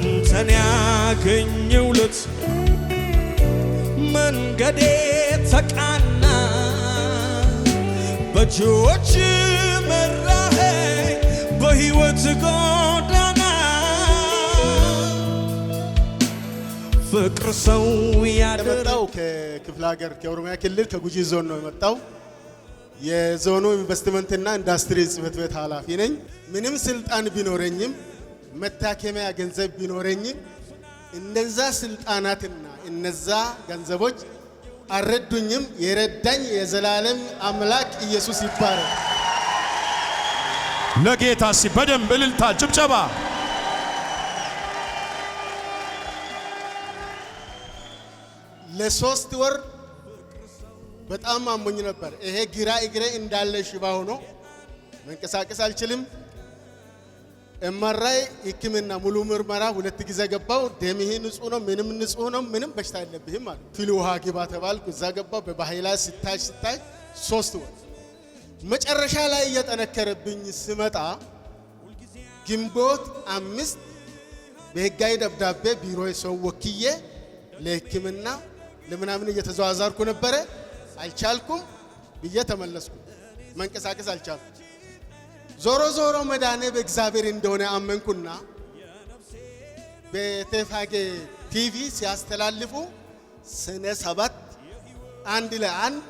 አንተን ያገኘውለት መንገዴ ተቃና በእጆች መራሄ በሕይወት ጎዳና ፍቅር ሰው ያደረው ከክፍለ ሀገር ከኦሮሚያ ክልል ከጉጂ ዞን ነው የመጣው። የዞኑ ኢንቨስትመንትና ኢንዱስትሪ ጽሕፈት ቤት ኃላፊ ነኝ። ምንም ስልጣን ቢኖረኝም መታከሚያ ገንዘብ ቢኖረኝ እነዛ ስልጣናትና እነዛ ገንዘቦች አረዱኝም የረዳኝ የዘላለም አምላክ ኢየሱስ ይባረክ። ለጌታ ሲ በደንብ እልልታ፣ ጭብጨባ። ለሶስት ወር በጣም አሞኝ ነበር። ይሄ ግራ እግሬ እንዳለ ሽባ ሆኖ መንቀሳቀስ አልችልም። እመራይ ህክምና ሙሉ ምርመራ ሁለት ጊዜ ገባው። ደምህ ንጹህ ነው፣ ምንም ንጹህ ነው፣ ምንም በሽታ የለብህም አለ። ፊል ውሃ ግባ ተባልኩ። እዛ ገባው። በባህላ ሲታይ ሲታይ ሶስት ወር መጨረሻ ላይ እየጠነከረብኝ ስመጣ ግንቦት አምስት በህጋዊ ደብዳቤ ቢሮ የሰው ወክዬ ለህክምና ለምናምን እየተዘዋዛርኩ ነበረ። አልቻልኩም ብዬ ተመለስኩ። መንቀሳቀስ አልቻልኩም። ዞሮ ዞሮ መዳኔ በእግዚአብሔር እንደሆነ አመንኩና በቴፋጌ ቲቪ ሲያስተላልፉ ስነ ሰባት አንድ ለአንድ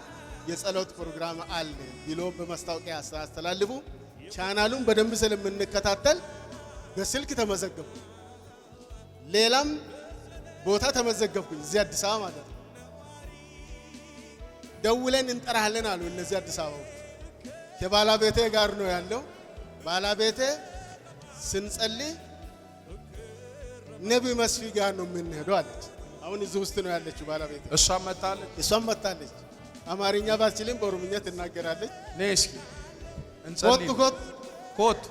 የጸሎት ፕሮግራም አለ ብሎ በማስታወቂያ ሲያስተላልፉ ቻናሉን በደንብ ስለምንከታተል በስልክ ተመዘገቡ ሌላም ቦታ ተመዘገብኩኝ እዚህ አዲስ አበባ ማለት ነው። ደውለን እንጠራለን አሉ። እነዚህ አዲስ አበባ ከባለቤቴ ጋር ነው ያለው ባለቤቴ ስንጸልይ ነቢ መስፊ ጋር ነው የምንሄደው አለች። አሁን እዚህ ውስጥ ነው ያለችው ባለቤቴ። እሷም መታለች እሷም መታለች። አማርኛ ባትችልም በኦሮምኛ ትናገራለች። ነይ እስኪ እንጸልይ። ኮት ኮት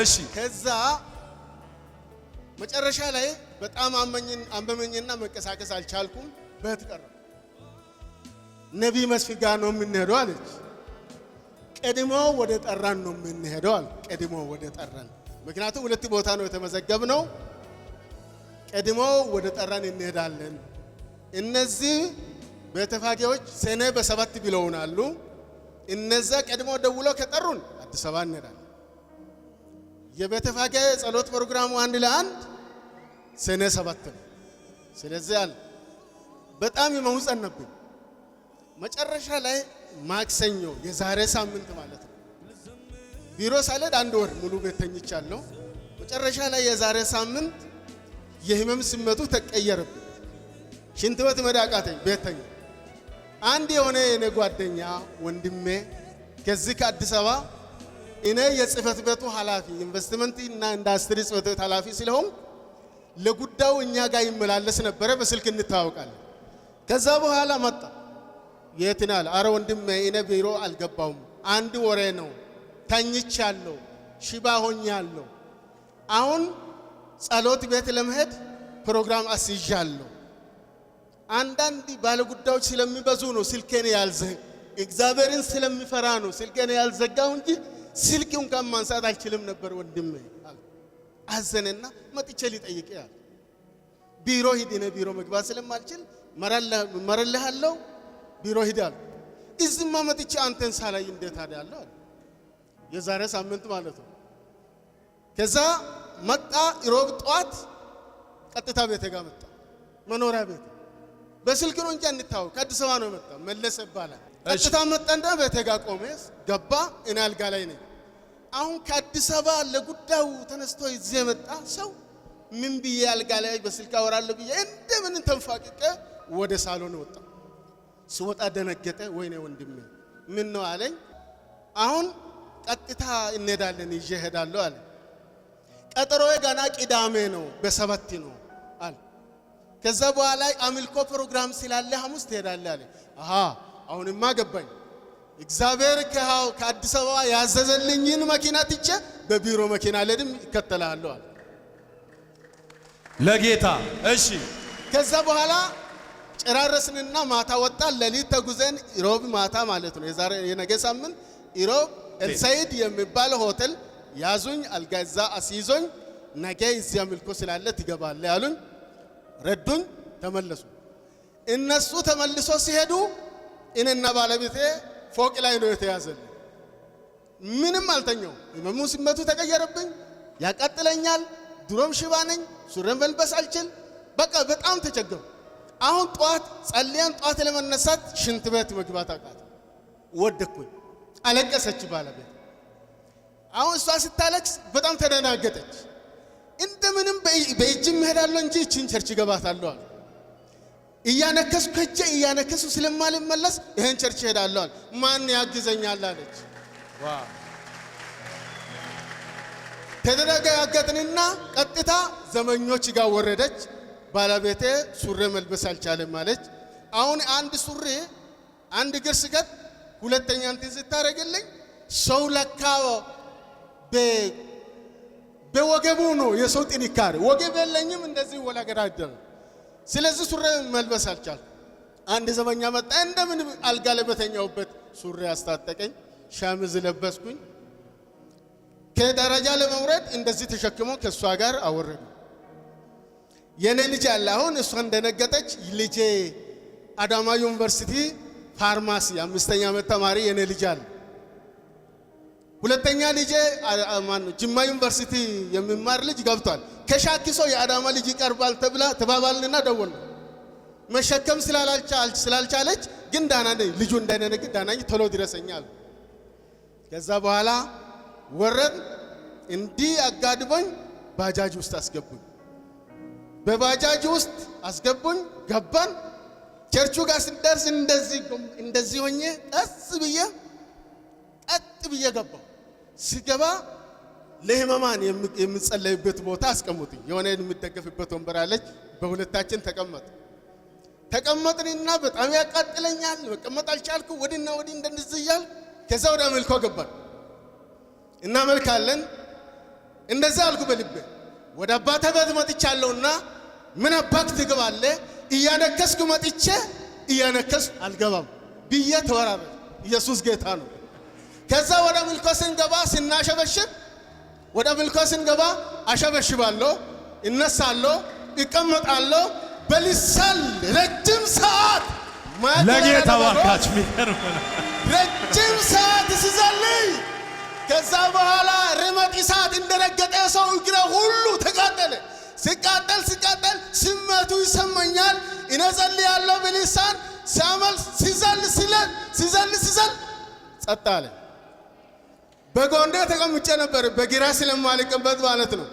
እሺ። ከዛ መጨረሻ ላይ በጣም አመኝና መንቀሳቀስ አልቻልኩም። በት ቀረ ነቢ መስፍን ጋር ነው የምንሄደው አለች። ቀድሞ ወደ ጠራን ነው የምንሄደው አለ። ቀድሞ ወደ ጠራን፣ ምክንያቱም ሁለት ቦታ ነው የተመዘገብ ነው። ቀድሞ ወደ ጠራን እንሄዳለን። እነዚህ ቤተፋጌዎች ሰኔ በሰባት ብለውናሉ። እነዛ ቀድሞ ደውሎ ከጠሩን አዲስ አበባ እንሄዳለን። የቤተፋጌ ጸሎት ፕሮግራሙ አንድ ለአንድ ሰኔ ሰባት ነው። ስለዚህ አለ በጣም የመውጸን ነብን መጨረሻ ላይ ማክሰኞ የዛሬ ሳምንት ማለት ነው። ቢሮ ሳለድ አንድ ወር ሙሉ ቤት ተኝቻለሁ። መጨረሻ ላይ የዛሬ ሳምንት የህመም ስመቱ ተቀየረብኝ። ሽንት ቤት መዳቃተኝ ቤት ተኝ አንድ የሆነ የኔ ጓደኛ ወንድሜ ከዚህ ከአዲስ አበባ እኔ የጽህፈት ቤቱ ኃላፊ ኢንቨስትመንት እና ኢንዳስትሪ ጽህፈት ቤት ኃላፊ ስለሆን ለጉዳዩ እኛ ጋር ይመላለስ ነበረ። በስልክ እንታወቃለን። ከዛ በኋላ መጣ የትናል? አረ ወንድም እኔ ቢሮ አልገባውም። አንድ ወሬ ነው። ተኝቻለሁ፣ ሽባ ሆኛለሁ። አሁን ጸሎት ቤት ለመሄድ ፕሮግራም አስይዣለሁ። አንዳንድ ባለጉዳዮች ስለሚበዙ ነው ስልኬን ያልዘ እግዚአብሔርን ስለሚፈራ ነው ስልኬን ያልዘጋው እንጂ ስልክ እንኳን ማንሳት አልችልም ነበር ወንድሜ አዘነና መጥቼ ሊጠይቅ ያል ቢሮ ሂድ፣ እኔ ቢሮ መግባት ስለማልችል መረልሃለሁ ቢሮ ሂዳል። እዚህማ መጥቼ አንተን ሳላይ እንዴት አዳለሁ አለ። የዛሬ ሳምንት ማለት ነው። ከዛ መጣ ሮብ ጠዋት ቀጥታ ቤቴ ጋር መጣ። መኖሪያ ቤት በስልክ ነው እንጂ እንታወቅ ከአዲስ አበባ ነው መጣ መለሰ ይባላል። ቀጥታ እንደ ቤቴ ጋር ቆመስ ገባ። እኔ አልጋ ላይ ነኝ። አሁን ከአዲስ አበባ ለጉዳዩ ተነስቶ ይዤ የመጣ ሰው ምን ብዬ አልጋ ላይ በስልክ አወራለሁ ብዬ እንደምን ተንፋቅቄ ወደ ሳሎን ወጣ። ስወጣ ደነገጠ። ወይኔ ወንድሜ ምን ነው አለኝ። አሁን ቀጥታ እንሄዳለን ይዤ እሄዳለሁ አለ። ቀጠሮዬ ገና ቅዳሜ ነው በሰበት ነው አለ። ከዛ በኋላ አምልኮ ፕሮግራም ስላለ ሐሙስ ትሄዳለህ አለ። አሃ አሁንማ ገባኝ። እግዚአብሔር ከአዲስ አበባ ያዘዘልኝን መኪና ትቼ በቢሮ መኪና ልሄድም ይከተላለሁ አለ ለጌታ። እሺ ከዛ በኋላ ጨራረስንና ማታ ወጣን። ለሊት ተጉዘን ኢሮብ ማታ ማለት ነው የነገ ሳምንት ኢሮብ ኤልሳይድ የሚባል ሆቴል ያዙኝ። አልጋ እዛ አስይዞኝ ነገ እዚያ ምልኮ ስላለ ትገባለ ያሉኝ፣ ረዱኝ። ተመለሱ። እነሱ ተመልሶ ሲሄዱ እኔና ባለቤቴ ፎቅ ላይ ነው የተያዘል። ምንም አልተኛው። ህመሙ ሲመቱ ተቀየረብኝ። ያቃጥለኛል። ድሮም ሽባ ነኝ። ሱሬን መልበስ አልችል። በቃ በጣም ተቸገሩ። አሁን ጠዋት ጸልያን ጠዋት ለመነሳት ሽንት ቤት መግባት አቃት። ወደኩኝ፣ አለቀሰች ባለቤት። አሁን እሷ ስታለቅስ በጣም ተደናገጠች። እንደምንም በእጅም እሄዳለሁ እንጂ እችን ቸርች እገባታለሁ አለ። እያነከሱ ከጀ እያነከሱ ስለማልመለስ ይህን ቸርች እሄዳለሁ አለ። ማን ያግዘኛል አለች። ተደረገ ያገጥንና ቀጥታ ዘመኞች ጋር ወረደች። ባለቤቴ ሱሪ መልበስ አልቻለም ማለች። አሁን አንድ ሱሪ አንድ እግር ስገት ሁለተኛ እንትን ስታደርግልኝ ሰው ለካ በወገቡ ነው የሰው ጥንካሬ። ወገብ የለኝም እንደዚህ ወላገዳደ ስለዚህ ሱሪ መልበስ አልቻል። አንድ ዘበኛ መጣ። እንደምን አልጋ ላይ በተኛሁበት ሱሪ አስታጠቀኝ፣ ሸሚዝ ለበስኩኝ። ከደረጃ ለመውረድ እንደዚህ ተሸክሞ ከእሷ ጋር አወረዱ። የኔ ልጅ አለ። አሁን እሷ እንደነገጠች ልጄ አዳማ ዩኒቨርሲቲ ፋርማሲ አምስተኛ ዓመት ተማሪ የኔ ልጅ አለ። ሁለተኛ ልጄ ጅማ ዩኒቨርሲቲ የሚማር ልጅ ገብቷል። ከሻኪሶ የአዳማ ልጅ ይቀርባል ተብላ ተባባልንና ደወል መሸከም ስላልቻለች ግን ዳና ልጁ እንዳይነነግ ዳናኝ ቶሎ ድረሰኛል። ከዛ በኋላ ወረድ እንዲህ አጋድቦኝ ባጃጅ ውስጥ አስገቡኝ። በባጃጅ ውስጥ አስገቡኝ። ገባን። ቸርቹ ጋር ስንደርስ እንደዚህ እንደዚህ ሆኜ ቀስ ብዬ ቀጥ ብዬ ገባ። ስገባ ለህመማን የምጸለይበት ቦታ አስቀምጡኝ። የሆነ የምደገፍበት ወንበር አለች። በሁለታችን ተቀመጥ ተቀመጥንና በጣም ያቃጥለኛል፣ መቀመጥ አልቻልኩ። ወዲና ወዲህ እንደዚህ እያልኩ ከዛ ወደ አምልኮ ገባን። እናመልካለን። እንደዛ አልኩ በልቤ ወደ አባተ ቤት መጥቻለሁና ምን አባክ ትግባለ? እያነከስኩ መጥቼ እያነከስኩ አልገባም ብዬ ተወራበ። ኢየሱስ ጌታ ነው። ከዛ ወደ ምልኮ ስንገባ ስናሸበሽብ ወደ ምልኮ ስንገባ አሸበሽባለሁ፣ እነሳለሁ፣ እቀመጣለሁ በልሳል ረጅም ሰዓት ለጌታ ባካችሁ ረጅም ሰዓት ስዘልይ ከዛ በኋላ በደረቅ እሳት እንደረገጠ ሰው እግረ ሁሉ ተቃጠለ። ሲቃጠል ሲቃጠል ስመቱ ይሰማኛል። እነጸል ያለው ብልሳን ሲያመል ሲዘል ሲለል ሲዘል ሲዘል ጸጥ አለ። በጎንደር ተቀምጬ ነበር፣ በግራ ስለማልቅበት ማለት ነው።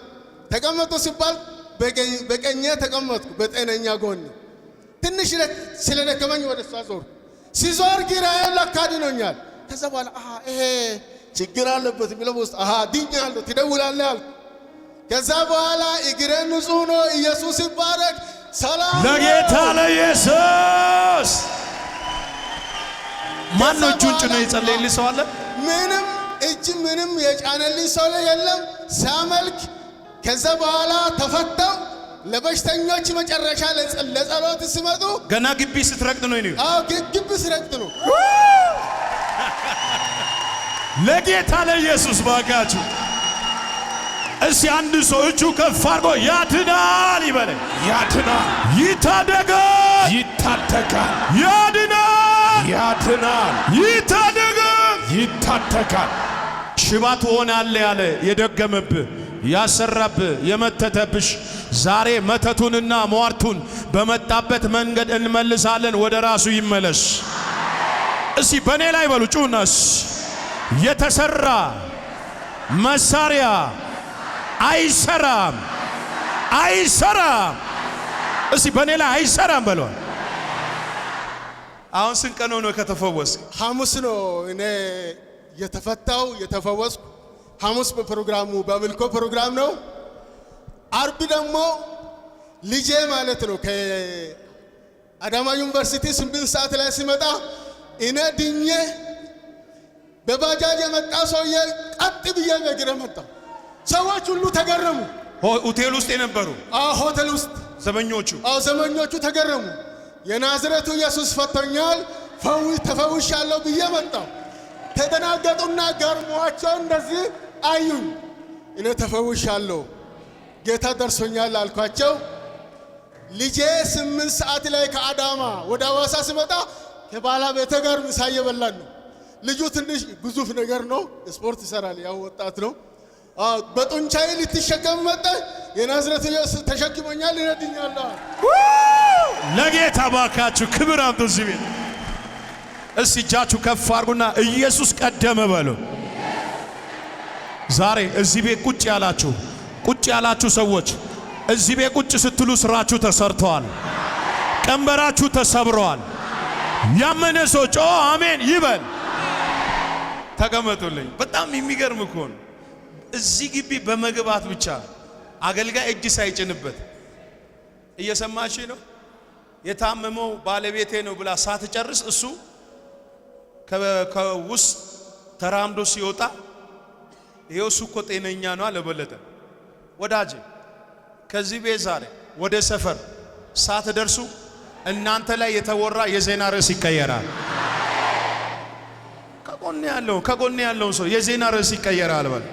ተቀመጡ ሲባል በቀኘ ተቀመጥኩ፣ በጤነኛ ጎን ትንሽ ስለደከመኝ ወደ እሷ ዞር ሲዞር ግራ ያለ አካድኖኛል። ከዛ በኋላ ይሄ ችግር አለበት የሚለው ውስጥ አሃ ድኛለሁ ትደውላለህ አልኩ። ከዛ በኋላ እግሬ ንጹህ ነው ኢየሱስ ይባረክ። ሰላም ለጌታ ለኢየሱስ። ማን ነው እጁን ጭኖ የጸለየልኝ ሰው አለ? ምንም እጅ ምንም የጫነልኝ ሰው የለም። ሳመልክ ከዛ በኋላ ተፈታው። ለበሽተኞች መጨረሻ ለጸሎት ሲመጡ ገና ግቢ ስትረግጥ ነው። ግቢ ስትረግጥ ነው ለጌታ ለኢየሱስ ባካችሁ እስቲ አንድ ሰው እጁ ከፍ አድርጎ ያድናል ይበለ። ያድናል፣ ይታደጋል፣ ይታደጋል፣ ያድናል፣ ያድናል፣ ይታደጋል፣ ይታደጋል። ሽባ ትሆናለህ ያለ የደገመብህ ያሰራብህ የመተተብሽ ዛሬ መተቱንና ሟርቱን በመጣበት መንገድ እንመልሳለን። ወደ ራሱ ይመለስ። እስቲ በእኔ ላይ በሉ ጩናስ የተሰራ መሳሪያ አይሰራም፣ አይሰራም። እስቲ በእኔ ላይ አይሰራም በሏል። አሁን ስንት ቀን ሆኖ ከተፈወስ? ሐሙስ ነው እኔ የተፈታው የተፈወስኩ። ሐሙስ በፕሮግራሙ በምልኮ ፕሮግራም ነው። አርብ ደግሞ ልጄ ማለት ነው ከአዳማ ዩኒቨርሲቲ ስምንት ሰዓት ላይ ሲመጣ እኔ ድኜ በባጃጅ የመጣ ሰውዬ ቀጥ ብዬ በግረ መጣ። ሰዎች ሁሉ ተገረሙ። ሆቴል ውስጥ የነበሩ አዎ፣ ሆቴል ውስጥ ዘመኞቹ አዎ፣ ተገረሙ። የናዝረቱ ኢየሱስ ፈቶኛል፣ ፈውስ ተፈውሻለሁ ብዬ መጣው። ተደናገጡና ገርሟቸው እንደዚህ አዩኝ። እኔ ተፈውሻለሁ ጌታ ደርሶኛል አልኳቸው። ልጄ ስምንት ሰዓት ላይ ከአዳማ ወደ አዋሳ ስመጣ ቤተ ጋር ምሳ እየበላን ነው ልጁ ትንሽ ግዙፍ ነገር ነው። ስፖርት ይሰራል፣ ያው ወጣት ነው። በጡንቻዬ ልትሸከም መጠ የናዝረት ኢየሱስ ተሸክሞኛል፣ ይረድኛል። ለጌታ ባካችሁ ክብር አምጡ። እዚህ ቤት እስቲ እጃችሁ ከፍ አድርጉና ኢየሱስ ቀደመ በሉ። ዛሬ እዚህ ቤት ቁጭ ያላችሁ ቁጭ ያላችሁ ሰዎች እዚህ ቤት ቁጭ ስትሉ ስራችሁ ተሰርተዋል፣ ቀንበራችሁ ተሰብረዋል። ያመነ ሰው ጮ አሜን ይበል። ተቀመጡልኝ። በጣም የሚገርም እኮ ነው። እዚህ ግቢ በመግባት ብቻ አገልጋይ እጅ ሳይጭንበት እየሰማች ነው። የታመመው ባለቤቴ ነው ብላ ሳትጨርስ እሱ ከውስጥ ተራምዶ ሲወጣ ይሄው እሱ እኮ ጤነኛ ነው አለ ወዳጄ ከዚህ ቤት ዛሬ ወደ ሰፈር ሳትደርሱ እናንተ ላይ የተወራ የዜና ርዕስ ይቀየራል። ከጎኔ ያለውን ከጎኔ ያለውን ሰው የዜና ርዕስ ይቀየራል በል